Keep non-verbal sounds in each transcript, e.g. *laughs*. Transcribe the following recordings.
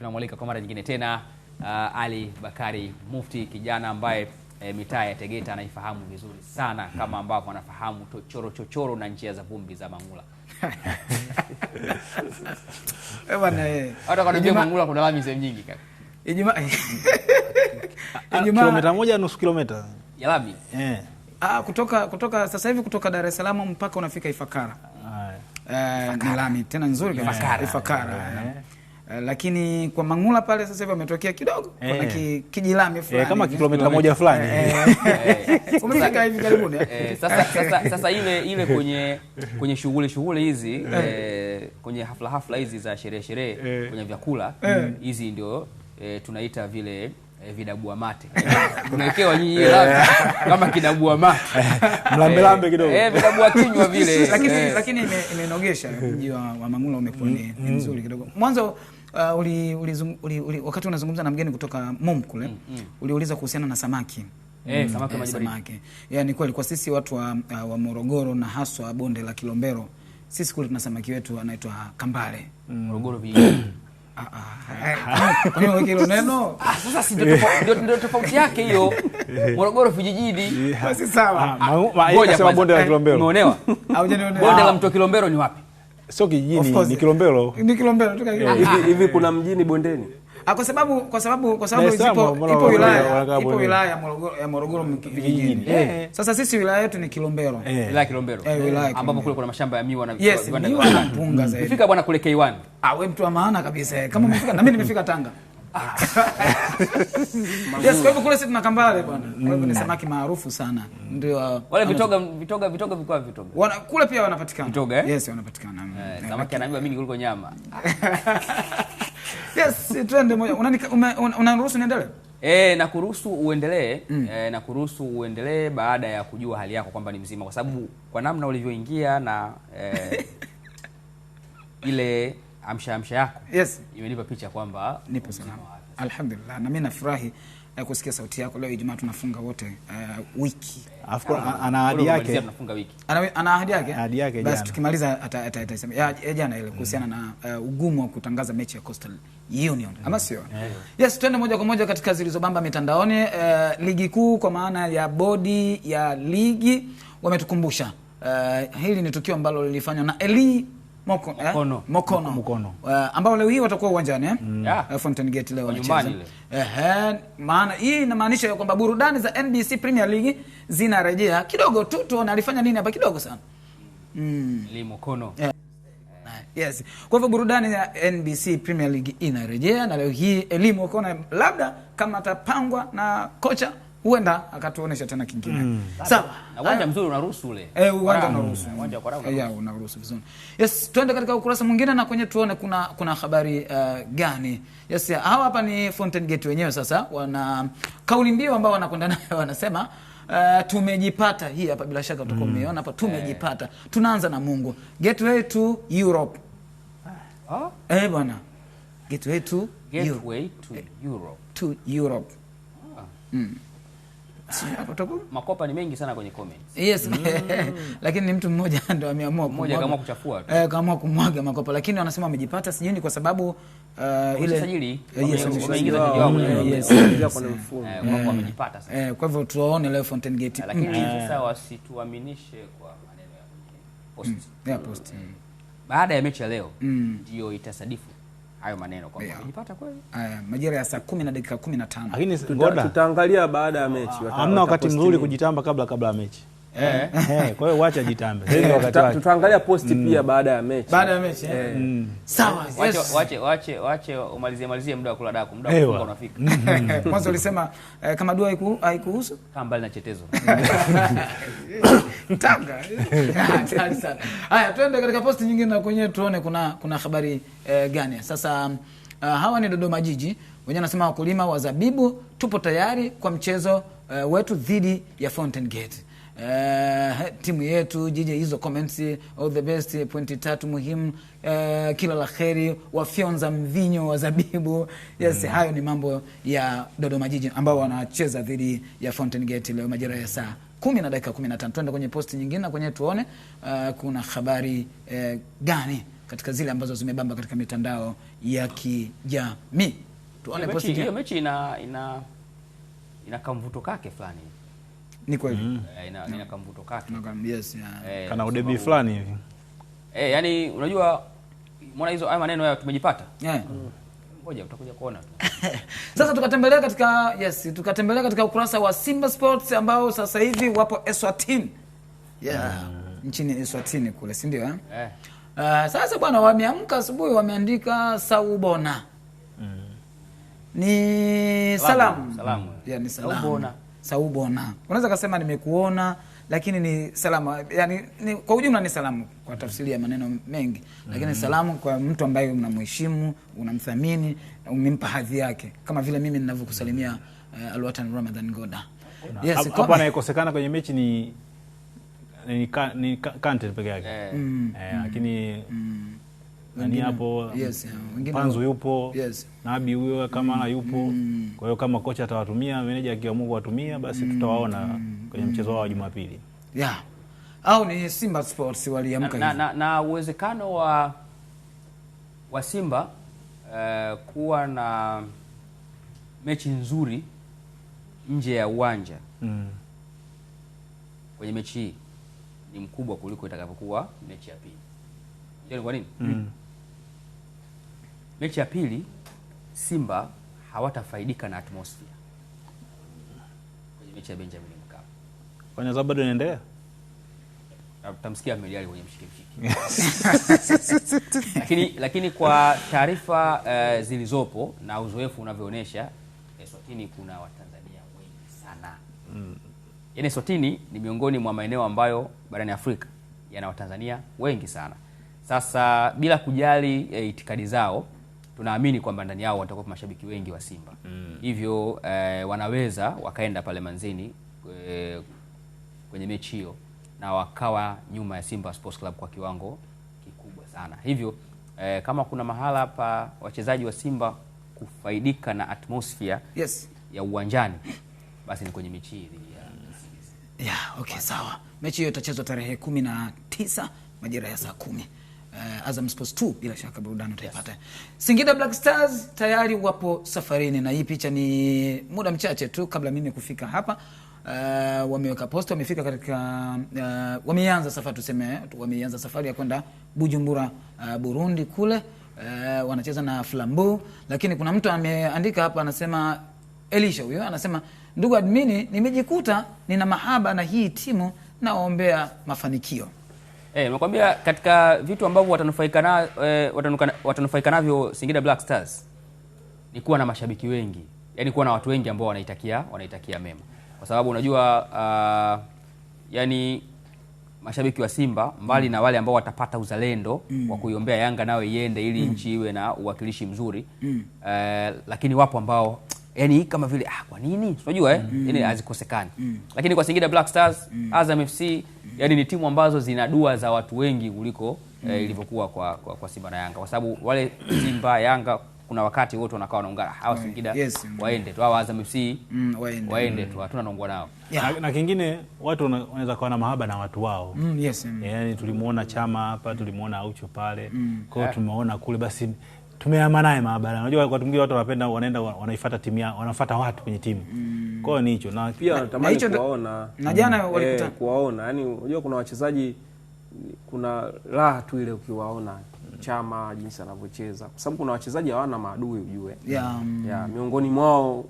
tunamwalika kwa mara nyingine tena uh, Ali Bakari Mufti, kijana ambaye e, mitaa ya Tegeta anaifahamu vizuri sana hmm. kama ambavyo anafahamu chochoro chochoro na njia za vumbi za Mangula. Eh, eh. Hata kanajua Mangula kuna lami sehemu nyingi kaka. Ijumaa *laughs* *laughs* kilomita moja nusu kilomita ya lami yeah. Ah, kutoka kutoka sasa hivi kutoka Dar es Salaam mpaka unafika Ifakara. Ah, eh, ni lami tena nzuri kabisa Ifakara. Ifakara. Yeah. Yeah. Eh, lakini kwa Mangula pale sasa hivi ametokea kidogo hey. Eh. Kuna ki, kijilami fulani hey, eh, kama kilomita moja fulani *laughs* umefika hivi karibuni. Sasa sasa sasa ile ile kwenye kwenye shughuli shughuli hizi eh, kwenye hafla hafla hizi za sherehe sherehe kwenye vyakula hizi ndio eh, tunaita vile E, vidabua mate *laughs* unawekewa nyinyi yeah. kama kidabua mate *laughs* mlambe lambe kidogo eh, vidabua kinywa vile lakini, lakini imenogesha mji wa Mangula umekuwa ni mzuri mm, mm. kidogo mwanzo uh, uli, uli, uli, uli, wakati unazungumza na mgeni kutoka MUM kule mm, mm. uliuliza kuhusiana na samaki Hey, eh, mm, samaki, eh, Yeah, ni kweli kwa sisi watu wa, uh, wa Morogoro na haswa bonde la Kilombero sisi kule tuna samaki wetu anaitwa kambale mm. Morogoro mm. vijijini. *coughs* Ah, ah, kwa nini hilo neno? *laughs* Ah, sasa si ndio tofauti yake hiyo. *laughs* Morogoro vijijini. Basi sawa. Ngoja kwa Bonde la Kilombero. Umeonewa? Au *laughs* Bonde la Mto Kilombero ni wapi? sio kijijini, ni Kilombero, ni Kilombero tu kaka hivi hivi. Kuna mjini bondeni ah, kwa sababu kwa sababu kwa sababu ipo ipo wilaya ipo wilaya ya Morogoro vijijini. Sasa sisi wilaya yetu ni Kilombero, eh, wilaya Kilombero, eh, wilaya ambapo kule kuna mashamba ya miwa na viwanda vya mpunga mm. zaidi. Fika bwana kule K1. Ah, wewe mtu wa maana kabisa. Kama umefika na mimi nimefika Tanga. Ah. *laughs* yes, kwa hivyo kule si tuna kambale bwana. Kwa hivyo ni samaki maarufu sana. Ndio uh, wale vitoga vitoga vitoga vikwa vitoga. Wana kule pia wanapatikana. Vitoga eh? Yes, wanapatikana. Eh, samaki anaambiwa mimi kuliko nyama. *laughs* Yes, twende moja. Unaniruhusu niendelee? eh na kuruhusu uendelee mm. eh, na kuruhusu uendelee baada ya kujua hali yako kwamba ni mzima, kwa sababu kwa namna ulivyoingia na eh, *laughs* ile amsha amsha yako yes. imenipa picha kwamba nipo salama alhamdulillah, na mimi nafurahi eh, kusikia sauti yako leo. Ijumaa tunafunga wote uh, wiki of course, ana ahadi yake, tunafunga wiki, ana ana ahadi yake, ahadi yake. jana Basi tukimaliza atasema ya jana ile kuhusiana mm. na uh, ugumu wa kutangaza mechi ya Coastal Union, ama mm. sio? Eh. Yes, twende moja kwa moja katika zilizobamba mitandaoni. Uh, ligi kuu kwa maana ya bodi ya ligi wametukumbusha uh, hili ni tukio ambalo lilifanywa na Eli Mokono, eh? Mokono. Mokono. Uh, ambao leo hii watakuwa uwanjani eh? Mm. Eh, yeah. Uh, Fountain Gate leo wanacheza. Eh, maana hii inamaanisha kwamba burudani za NBC Premier League zinarejea kidogo tu, tuone alifanya nini hapa kidogo sana. Mm. Limokono. Yeah. Yes. Kwa hivyo burudani ya NBC Premier League inarejea na leo hii elimu ukaona labda kama atapangwa na kocha huenda akatuonesha tena kingine mm. Na uwanja mzuri unaruhusu ule eh, uwanja unaruhusu uwanja kwa rafu eh, yeah, unaruhusu vizuri. Yes, twende katika ukurasa mwingine na kwenye tuone kuna kuna habari uh, gani. Yes, ya, hawa hapa ni Fountain Gate wenyewe. Sasa wana kauli mbio ambao wanakwenda *laughs* nayo, wanasema Uh, tumejipata hii hapa, bila shaka utakuwa mm. umeiona mm. hapa tumejipata eh. Tunaanza na Mungu, gateway to Europe ah. oh. Eh, bwana gateway to gateway Euro. to Europe to Europe oh. mm. Makopa ni mengi sana kwenye comments. Yes. Mm. *laughs* Lakini ni mtu mmoja *laughs* ndo ameamua mmoja kama kuchafua tu. Eh, kama kumwaga makopa lakini wanasema wamejipata sijui kwa sababu uh, ile sajili wameingiza eh, kwenye mfumo. Yes. Eh, eh, kwa hivyo tuone leo Fountain Gate. Lakini mm. sasa wasituaminishe kwa maneno ya post. Mm. Ya post. Baada ya mechi ya leo mm. ndio itasadifu hayo maneno kwamba nilipata kweli. Haya, eh, majira ya saa kumi na dakika kumi na tano lakini tutaangalia baada ya mechi. Ah, hamna wakati mzuri kujitamba kabla kabla ya mechi. Eh. Eh, kwa hiyo wacha jitambe. Eh, tutaangalia posti mm. pia baada ya mechi. Baada ya mechi. Mm. Sawa. Wache wache wache umalizie malizie muda wa kula daku, muda wa unafika. Mm-hmm. *laughs* Kwanza ulisema kama dua haiku haikuhusu? Kama mbali na chetezo. *laughs* Tanga. Haya, twende katika posti nyingine na kwenye tuone kuna kuna habari gani. Sasa hawa ni Dodoma Jiji. Wenyewe wanasema wakulima wa zabibu tupo tayari kwa mchezo wetu dhidi ya Fountain Gate uh, timu yetu jiji hizo comments, all the best, pointi tatu muhimu, uh, kila la kheri, wafyonza mvinyo wa zabibu yes, mm. Hayo ni mambo ya Dodoma Jiji ambao wanacheza dhidi ya Fountain Gate leo majira ya saa kumi na dakika kumi na tano. Tuende kwenye posti nyingine na kwenye tuone uh, kuna habari uh, gani katika zile ambazo zimebamba katika mitandao ya kijamii. Tuone hiyo. Mechi ina ina ina kamvuto kake fulani ni kweli mm. eh, ina, ina kamvuto kake yes, yeah. Eh, kana udebi fulani hivi e, yani unajua mwana hizo haya maneno ya tumejipata yeah. Mm. Ngoja utakuja kuona *laughs* Sasa tukatembelea katika yes, tukatembelea katika ukurasa wa Simba Sports ambao sasa hivi wapo eswatin Yeah. Mm. Nchini Eswatini kule, si ndio eh? Yeah. Uh, sasa bwana wameamka asubuhi wameandika saubona. Mm. Ni salamu. Salamu. Yeah, ni salamu saubona, unaweza kasema nimekuona, lakini ni salama yani, ni, kwa ujumla ni salamu kwa tafsiri ya maneno mengi, lakini mm -hmm. salamu kwa mtu ambaye unamheshimu, unamthamini, umempa hadhi yake, kama vile mimi ninavyokusalimia uh, Alwatan Ramadan goda Yes, hapo anayekosekana kwenye mechi ni ni, ni, ni Kante peke yake eh. Mm. Eh, lakini mm. mm nani hapo yes, yeah. Panzu yupo yes. Nabi huyo kama mm, yupo mm. Kwa hiyo kama kocha atawatumia, meneja akiamua kuwatumia basi mm, tutawaona mm, kwenye mchezo wao wa Jumapili yeah. Au ni Simba Sports waliamka na, na, na uwezekano wa wa Simba uh, kuwa na mechi nzuri nje ya uwanja mm. kwenye mechi hii ni mkubwa kuliko itakapokuwa mechi ya pili. Ndio, kwa nini? Mm mechi ya pili Simba hawatafaidika na atmosphere kwenye mechi ya Benjamin Mkapa. Kwa nini bado inaendelea? Tutamsikia Meliali kwenye mshikimshiki *laughs* *laughs* lakini, lakini kwa taarifa uh, zilizopo na uzoefu unavyoonyesha Eswatini eh, kuna Watanzania wengi sana mm. Yaani Eswatini ni miongoni mwa maeneo ambayo barani Afrika yana Watanzania wengi sana. Sasa bila kujali eh, itikadi zao tunaamini kwamba ndani yao watakuwa mashabiki wengi wa Simba mm. Hivyo eh, wanaweza wakaenda pale Manzini eh, kwenye mechi hiyo na wakawa nyuma ya Simba Sports Club kwa kiwango kikubwa sana. Hivyo eh, kama kuna mahala pa wachezaji wa Simba kufaidika na atmosphere yes. ya uwanjani basi ni kwenye mechi hii ya yeah, okay, sawa. Mechi hiyo itachezwa tarehe kumi na tisa majira ya saa kumi uh, Azam Sports 2 bila shaka burudani utaipata. Singida Black Stars tayari wapo safarini, na hii picha ni muda mchache tu kabla mimi kufika hapa. Uh, wameweka posta, wamefika katika uh, wameanza safari tuseme, wameanza safari ya kwenda Bujumbura uh, Burundi kule uh, wanacheza na flambu lakini kuna mtu ameandika hapa anasema Elisha huyo anasema, ndugu admini, nimejikuta nina mahaba na hii timu, naombea mafanikio. Eh, nakwambia katika vitu ambavyo watanufaika na eh, watanufaika navyo Singida Black Stars ni kuwa na mashabiki wengi, yaani kuwa na watu wengi ambao wanaitakia wanaitakia mema, kwa sababu unajua uh, ah, yani mashabiki wa Simba mbali mm. na wale ambao watapata uzalendo mm. wa kuiombea Yanga nawe iende ili mm. nchi iwe na uwakilishi mzuri mm. eh, lakini wapo ambao yani kama vile ah, kwa nini unajua eh? mm. Yaani hazikosekani mm. lakini kwa Singida Black Stars mm. Azam FC mm. yani ni timu ambazo zina dua za watu wengi kuliko eh, mm. eh, ilivyokuwa kwa, kwa, kwa Simba na Yanga kwa sababu wale *clears throat* Simba Yanga kuna wakati wote wanakaa wanaungana hawa Singida yes, mm. waende tu hawa Azam FC mm, waende, waende mm. tu hatuna naongwa nao yeah. na, na kingine watu wanaweza kuwa na mahaba na watu wao mm, yes, mm. yani tulimuona Chama hapa tulimuona Aucho pale mm. kwao yeah. tumeona kule basi tumeama naye maabara. Unajua kwa tumgi watu wanapenda wanaenda wanaifuata timu yao, wanafuata watu kwenye timu mm. Kwa hiyo ni hicho, na pia natamani kuwaona na jana mm. eh, kuwaona, yani unajua kuna wachezaji kuna raha tu ile ukiwaona Chama jinsi anavyocheza kwa sababu kuna wachezaji hawana maadui ujue, yeah. Yeah, miongoni mwao uh,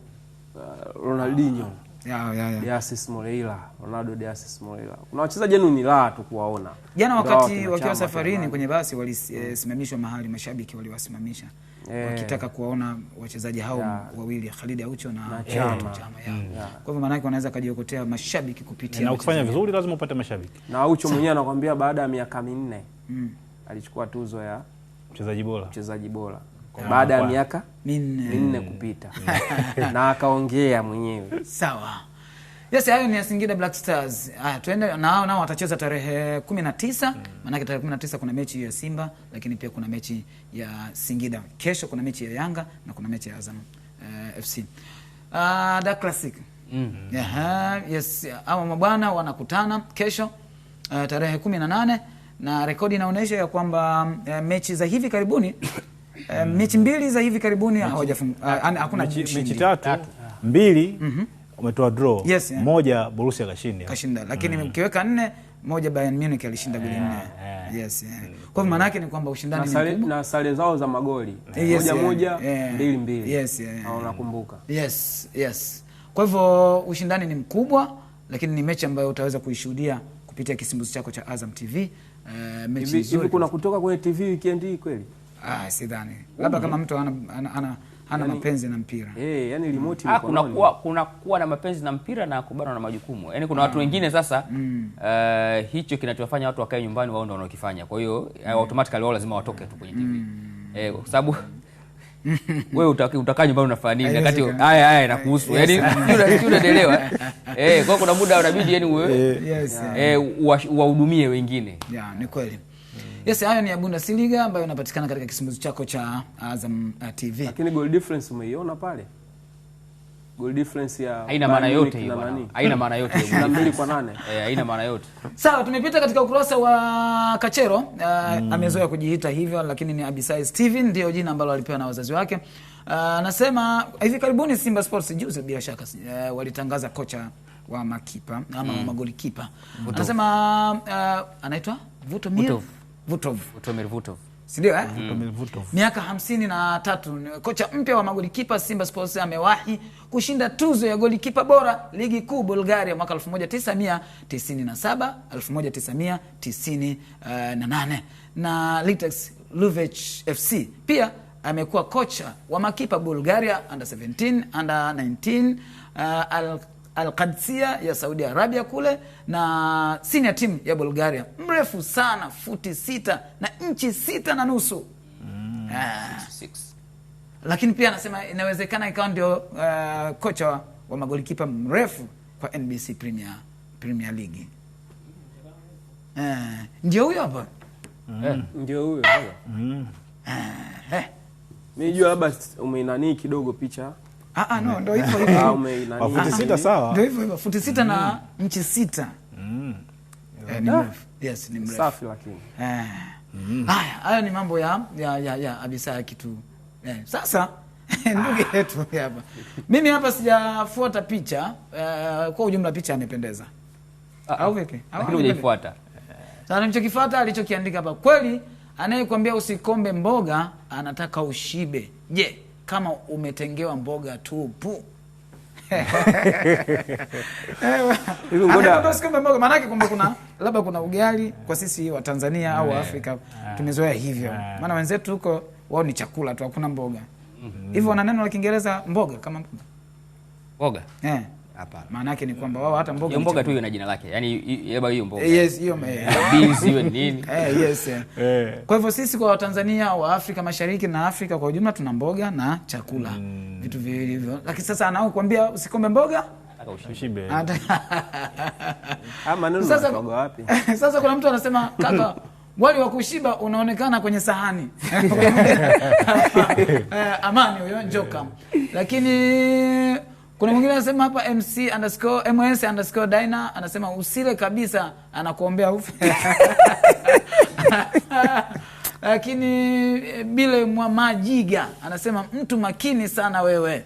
Ronaldinho ah yeah, yeah, yeah. Deasis Moreira, Ronaldo Deasis Moreira. Kuna wachezaji wenu ni raha tu kuwaona. Jana wakati wakiwa safarini kwenye basi walisimamishwa eh, e, mahali mashabiki waliwasimamisha yeah. wakitaka kuwaona wachezaji hao yeah. wawili Khalid Aucho na, na eh, Chama. Chama, yeah. Hmm. Yeah. Kwa hivyo maanake wanaweza kajiokotea mashabiki kupitia na ukifanya vizuri lazima upate mashabiki. Na Aucho mwenyewe anakuambia baada ya miaka minne mm. alichukua tuzo ya mchezaji bora mchezaji bora baada ya miaka minne kupita *laughs* *laughs* na akaongea mwenyewe. Sawa. Yes, hayo ni ya Singida Black Stars. Haya, tuende na hao nao watacheza tarehe 19, mm. Maanake tarehe 19 kuna mechi ya Simba, lakini pia kuna mechi ya Singida. Kesho kuna mechi ya Yanga na kuna mechi ya Azam uh, eh, FC. Uh, ah, da Classic. Mm Yeah, yes, hawa mabwana wanakutana kesho uh, tarehe 18 na rekodi inaonyesha ya kwamba uh, mechi za hivi karibuni *coughs* Uh, mechi mbili za hivi karibuni eh, hakuna mechi tatu ah. mbili mhm. umetoa draw yes, yeah. Moja Borussia kashinda kashinda, lakini mm. kiweka nne moja Bayern Munich alishinda goli nne yeah, yeah. yes, yeah. Kwa maana yake ni kwamba ushindani ni mkubwa na sare zao za magoli eh, yes, moja yeah. moja yeah. mbili mbili yes, yeah. na ah, unakumbuka yes, yes. Kwa hivyo ushindani ni mkubwa, lakini ni mechi ambayo utaweza kuishuhudia kupitia kisimbuzi chako cha Azam TV. Uh, mechi hivi kuna kutoka kwenye TV weekend hii kweli? Ah, sidhani labda kama mtu ana, ana, ana, ana yani, mapenzi na mpira eh, yani remote mm. kuna kuwa, kuna kuwa na mapenzi na mpira na kubana na majukumu yani kuna mm. watu wengine sasa mm. uh, hicho kinachowafanya watu wakae nyumbani wao ndio wanaokifanya, kwa hiyo mm. automatically wao lazima watoke tu kwenye TV mm. eh, kwa sababu *laughs* wewe utakaa nyumbani unafanya nini wakati haya haya nakuhusu, yani *laughs* unaelewa eh, kwa kuna muda unabidi yani wewe yes, eh uwahudumie wahudumie wengine yeah, ni kweli Yes, hayo ni ya siliga ambayo inapatikana katika kisimuzi chako cha Azam uh, TV. Lakini goal difference umeiona pale? Goal difference ya haina maana yote hiyo bwana. Haina maana yote hiyo. *laughs* Mbili kwa nane. *laughs* Eh, haina maana yote. Sawa, tumepita katika ukurasa wa Kachero. Uh, mm. Amezoea kujiita hivyo lakini ni Abisai Steven ndio jina ambalo alipewa na wazazi wake. Uh, anasema uh, hivi karibuni Simba Sports juzi bila shaka uh, walitangaza kocha wa makipa ama mm. magoli kipa. Anasema uh, anaitwa Vuto Mir. Vutov, sindio eh? mm. miaka hamsini na tatu kocha mpya wa magolikipa Simba Sports amewahi kushinda tuzo ya golikipa bora ligi kuu Bulgaria mwaka 1997 1998 na, na Litex Luvech FC pia amekuwa kocha wa makipa Bulgaria under 17 under 19 uh, alkadsia ya Saudi Arabia kule na sinia tim ya Bulgaria, mrefu sana futi sita na nchi sita na nusu mm, ah. Lakini pia anasema inawezekana ikawa ndio uh, kocha wa, wa magolikipa mrefu kwa NBC Premier, Premier League eh, ndio huyo hapa mm. eh, ndio huyo huyo mm. eh, eh. jua labda umeinanii kidogo picha Ah, ah, no, ndo hivyo *laughs* hivyo. Mafuti ah, ah, sita sawa. Ndo hivyo hivyo, futi sita na mm. nchi sita. Mm. Eh, ni mrefu. Yes, ni mrefu. Safi lakini. Eh. Mm. Haya, hayo ni mambo ya ya ya, ya Abisa ya kitu. Eh, sasa *laughs* ndugu yetu hapa. Mimi hapa sijafuata picha, eh, kwa ujumla picha imependeza. Au vipi? Lakini hujaifuata. Sasa nilichokifuata alichokiandika hapa, kweli anayekwambia usikombe mboga anataka ushibe. Je, yeah kama umetengewa mboga tupu maanake kumbe kuna labda kuna ugali kwa sisi wa Tanzania au eh, Afrika eh, tumezoea hivyo, eh. maana wenzetu huko wao ni chakula tu, hakuna mboga mhm. hivyo. Wana neno la Kiingereza mboga kama mboga yeah. Hapana. Maana yake ni kwamba wao hata mboga mboga tu hiyo na jina lake. Yaani yaba hiyo mboga. Yes, hiyo *laughs* beans hiyo nini? *laughs* Eh, yes. Eh. *laughs* eh. Kwa hivyo sisi kwa Watanzania wa Afrika Mashariki na Afrika kwa ujumla tuna mboga na chakula. Mm. Vitu viwili hivyo. Lakini sasa anaokuambia usikombe mboga Ushibe. Ama ah, nini? Sasa wapi? Sasa kuna mtu anasema kaka wali wa kushiba unaonekana kwenye sahani. Amani huyo njoka. Lakini kuna mwingine anasema hapa MC underscore MS underscore Dina anasema usile kabisa, anakuombea ufe *laughs* lakini eh, Bile Mwamajiga anasema mtu makini sana wewe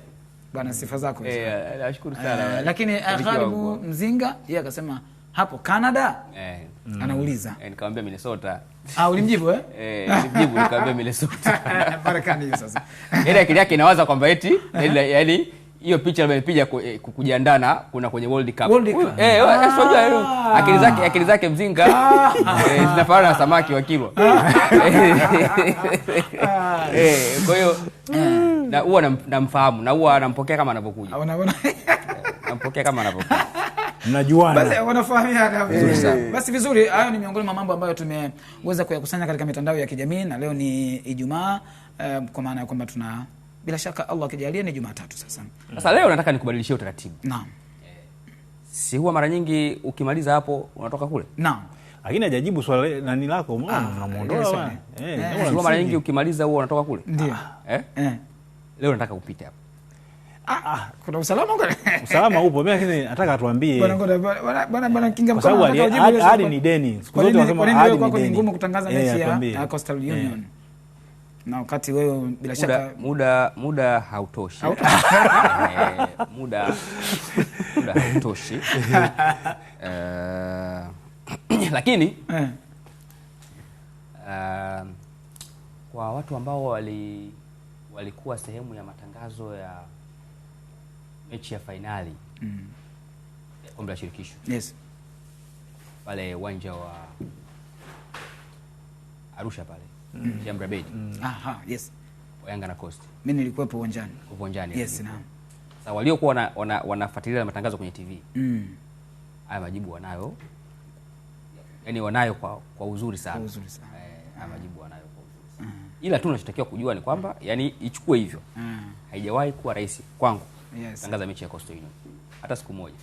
bwana, sifa zako eh, nashukuru yeah, sana uh, Lakini Khalibu Mzinga yeye akasema hapo Canada eh, mm. anauliza eh, nikamwambia Minnesota. Ah, ulimjibu eh? *laughs* Eh, nilimjibu nikamwambia Minnesota. *laughs* Marekani sasa. Ile yaani akili yake inawaza kwamba eti yaani, yaani hiyo picha amepiga eh, kujiandaa na kuna kwenye World Cup. World Cup. Eh, eh unajua eh, ah. akili zake akili zake mzinga ah. eh, zinafanana na samaki wa Kilwa. Ah. *laughs* Eh, kwa hiyo na huwa namfahamu na huwa anampokea kama anavyokuja. Nampokea kama anapokuja Mnajuana. Basi wanafahamiana vizuri sana. Basi vizuri, hayo ni miongoni mwa mambo ambayo tumeweza kuyakusanya katika mitandao ya kijamii na leo ni Ijumaa, uh, kwa maana ya kwamba tuna bila shaka Allah akijalia ni Jumatatu sasa. Sasa leo nataka nikubadilishie utaratibu. Naam. Si huwa mara nyingi ukimaliza hapo unatoka kule? Naam. Lakini hajajibu swali nani lako mwana ah, unamuondoa. Eh, eh, eh, mara nyingi ukimaliza huwa unatoka kule? Ndio. Ah, eh? Eh. Leo nataka upite hapo. Ah, ah, kuna usalama *laughs* usalama upo. Mimi lakini nataka atuambie bwana ngoda bwana bwana bwana kinga mkono. Kwa sababu hadi ni deni. Siku zote wanasema hadi ni deni. Kwa nini ngumu kutangaza eh, mechi ya Coastal eh. Union? na wakati wewe bila shaka muda muda hautoshi *laughs* eh, muda muda hautoshi *laughs* eh, *clears throat* lakini uh, kwa watu ambao wali walikuwa sehemu ya matangazo ya mechi ya fainali mm. ya kombe la shirikisho yes. pale uwanja wa Arusha pale mm. ya Mrabeji. mm. Aha, yes. Yanga na Coast. Mimi nilikuwepo uwanjani. Uwanjani. Yes, yaani. naam. Sasa waliokuwa wana, wanafuatilia matangazo kwenye TV mm. haya majibu wanayo, yani wanayo kwa, kwa uzuri sana, kwa uzuri sana. Eh, haya majibu wanayo kwa uzuri sana mm. ila tu unachotakiwa kujua ni kwamba yani ichukue hivyo mm. haijawahi kuwa rahisi kwangu yes. tangaza mechi ya Coastal Union hata siku moja.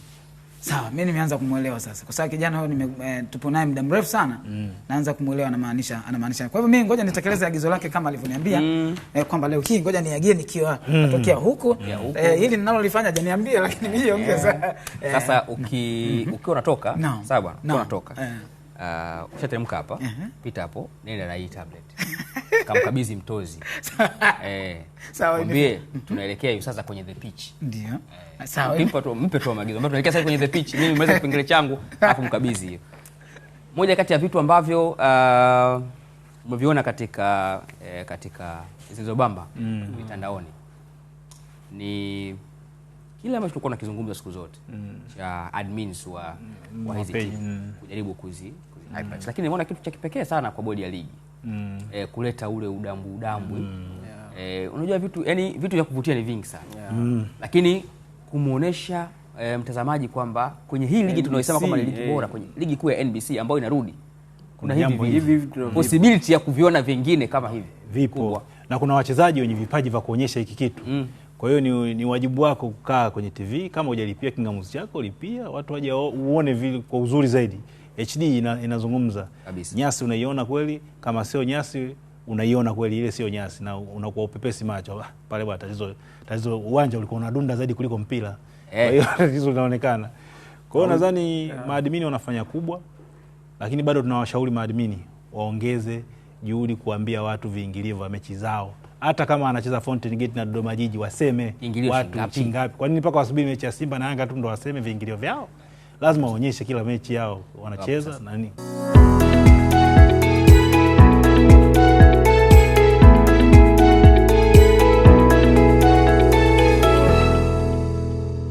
Sawa, mi nimeanza kumwelewa sasa, kwa sababu kijana huyo e, eh, tupo naye muda mrefu sana mm. Naanza kumwelewa anamaanisha, anamaanisha. Kwa hivyo mi ngoja nitekeleze agizo lake kama alivyoniambia mm. eh, kwamba leo hii ngoja niagie nikiwa mm. natokea huku yeah, huku. E, hili ninalolifanya janiambie, lakini mimi ongeza yeah. *laughs* eh. sasa. Uki mhm. ukiwa unatoka no. sawa bwana no. unatoka no. eh. uh, ushateremka hapa uh -huh. pita hapo nenda na hii tablet *laughs* kamkabidhi mtozi *laughs* eh, mwambie tunaelekea hiyo sasa kwenye the pitch. Ndio eh, sawa, mpe tu mpe tu maagizo, mbona tunaelekea sasa kwenye the pitch, mimi nimeweza kipengele changu, afu mkabidhi hiyo. Moja kati ya vitu ambavyo uh, umeviona katika eh, katika Zilizobamba mm. mitandaoni ni kile ambacho tulikuwa tunakizungumza siku zote mm. cha admins wa, mm. wa hizi timu kujaribu kuzi, kuzi mm. lakini nimeona kitu cha kipekee sana kwa bodi ya ligi mm. eh, kuleta ule udambu udambu mm. yeah. eh, unajua vitu yani, vitu vya kuvutia ni vingi sana yeah. mm. lakini kumuonesha eh, mtazamaji kwamba kwenye hii ligi tunaoisema kwamba ni ligi eh. bora kwenye ligi kuu ya NBC ambayo inarudi kuna hivi hivi possibility ya kuviona vingine kama hivi vipo kubwa. na kuna wachezaji wenye vipaji vya kuonyesha hiki kitu mm. Kwa hiyo ni, ni wajibu wako kukaa kwenye TV kama hujalipia kingamuzi chako, lipia watu waje uone vile kwa uzuri zaidi. HD ina, inazungumza kabisa. Nyasi unaiona kweli, kama sio nyasi unaiona kweli, ile sio nyasi, na unakuwa upepesi macho pale. Bwana, tatizo tatizo, uwanja ulikuwa unadunda zaidi kuliko mpira eh. Kwa hiyo *laughs* tatizo linaonekana. Kwa hiyo nadhani yeah. Maadmini wanafanya kubwa, lakini bado tunawashauri maadmini waongeze juhudi kuambia watu viingilio vya mechi zao hata kama anacheza Fountain Gate na Dodoma Jiji waseme watu chingapi? Kwa nini mpaka wasubiri mechi ya Simba na Yanga tu ndo waseme viingilio vyao? lazima waonyeshe kila mechi yao wanacheza na nini.